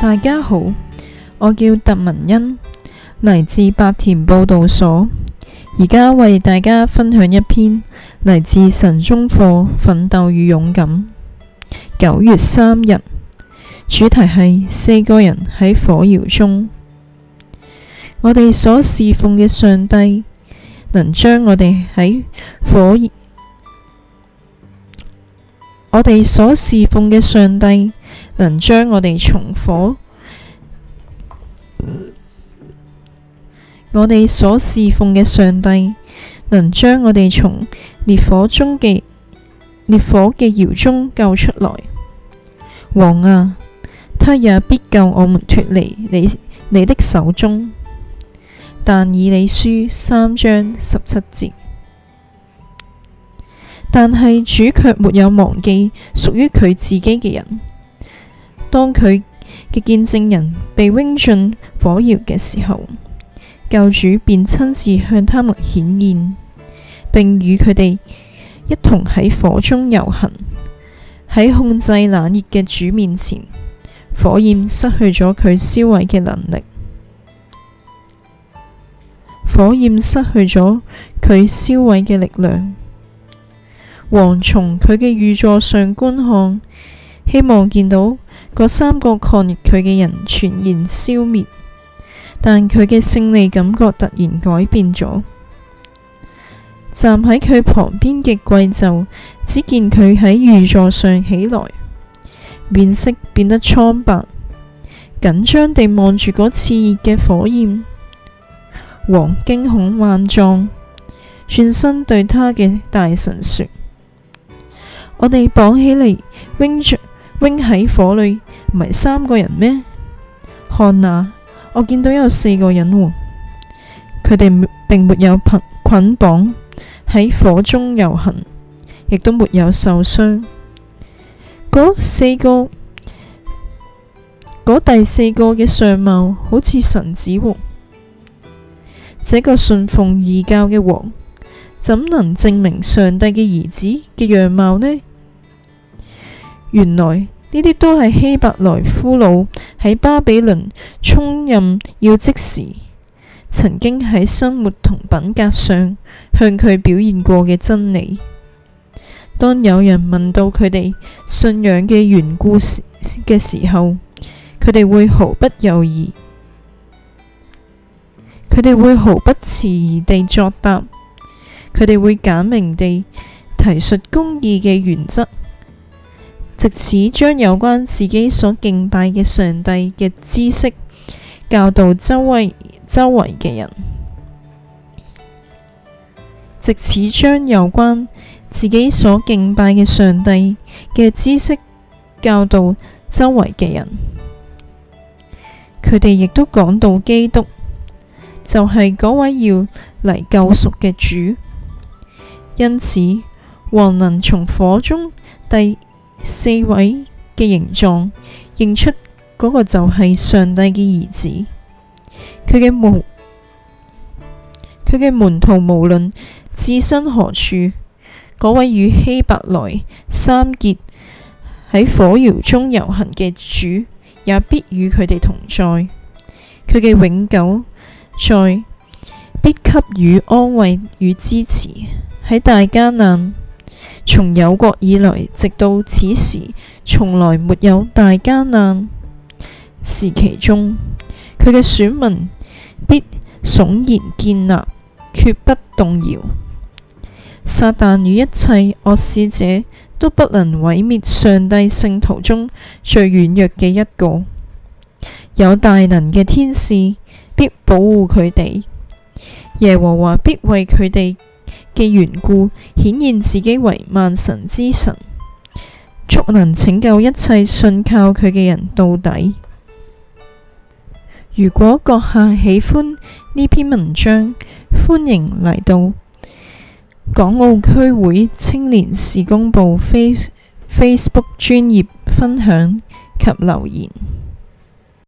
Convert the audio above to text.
大家好，我叫特文恩，嚟自白田報道所，而家為大家分享一篇嚟自神中課《奮鬥與勇敢》，九月三日，主題係四個人喺火窯中。我哋所侍奉嘅上帝，能將我哋喺火，我哋所侍奉嘅上帝。能將我哋從火，我哋所侍奉嘅上帝，能將我哋從烈火中嘅烈火嘅窯中救出來。王啊，他也必救我們脱離你你的手中。但以理書三章十七節，但係主卻沒有忘記屬於佢自己嘅人。當佢嘅見證人被扔進火窑嘅時候，教主便親自向他們顯現，並與佢哋一同喺火中遊行。喺控制冷熱嘅主面前，火焰失去咗佢燒毀嘅能力，火焰失去咗佢燒毀嘅力量。王從佢嘅御座上觀看，希望見到。嗰三個抗逆佢嘅人全然消滅，但佢嘅勝利感覺突然改變咗。站喺佢旁邊嘅貴胄，只見佢喺御座上起來，面色變得蒼白，緊張地望住嗰熾熱嘅火焰，王驚恐萬狀，轉身對他嘅大臣說：我哋綁起嚟，擁著。喎，喺火裏唔係三個人咩？看那，我見到有四個人喎，佢哋並沒有捆綁，喺火中遊行，亦都沒有受傷。嗰四個，嗰第四個嘅相貌好似神子喎，這個信奉異教嘅王，怎能證明上帝嘅兒子嘅樣貌呢？原來呢啲都係希伯來俘虜，喺巴比倫充任要職時，曾經喺生活同品格上向佢表現過嘅真理。當有人問到佢哋信仰嘅緣故嘅時、時候，佢哋會毫不猶豫，佢哋會毫不遲疑地作答，佢哋會簡明地提出公義嘅原則。藉此將有關自己所敬拜嘅上帝嘅知識教導周圍周圍嘅人，藉此將有關自己所敬拜嘅上帝嘅知識教導周圍嘅人，佢哋亦都講到基督就係、是、嗰位要嚟救贖嘅主，因此王能從火中第。四位嘅形狀認出嗰個就係上帝嘅兒子，佢嘅無佢嘅門徒無論置身何處，嗰位與希伯來三傑喺火窯中遊行嘅主，也必與佢哋同在，佢嘅永久在必給予安慰與支持喺大家難。從有國以來，直到此時，從來沒有大艱難時期中，佢嘅選民必聳然建立，決不動搖。撒旦與一切惡使者都不能毀滅上帝聖徒中最軟弱嘅一個，有大能嘅天使必保護佢哋，耶和華必為佢哋嘅緣故，顯現自己為萬神之神，足能拯救一切信靠佢嘅人到底。如果閣下喜歡呢篇文章，歡迎嚟到港澳區會青年事工部 face Facebook 專頁分享及留言。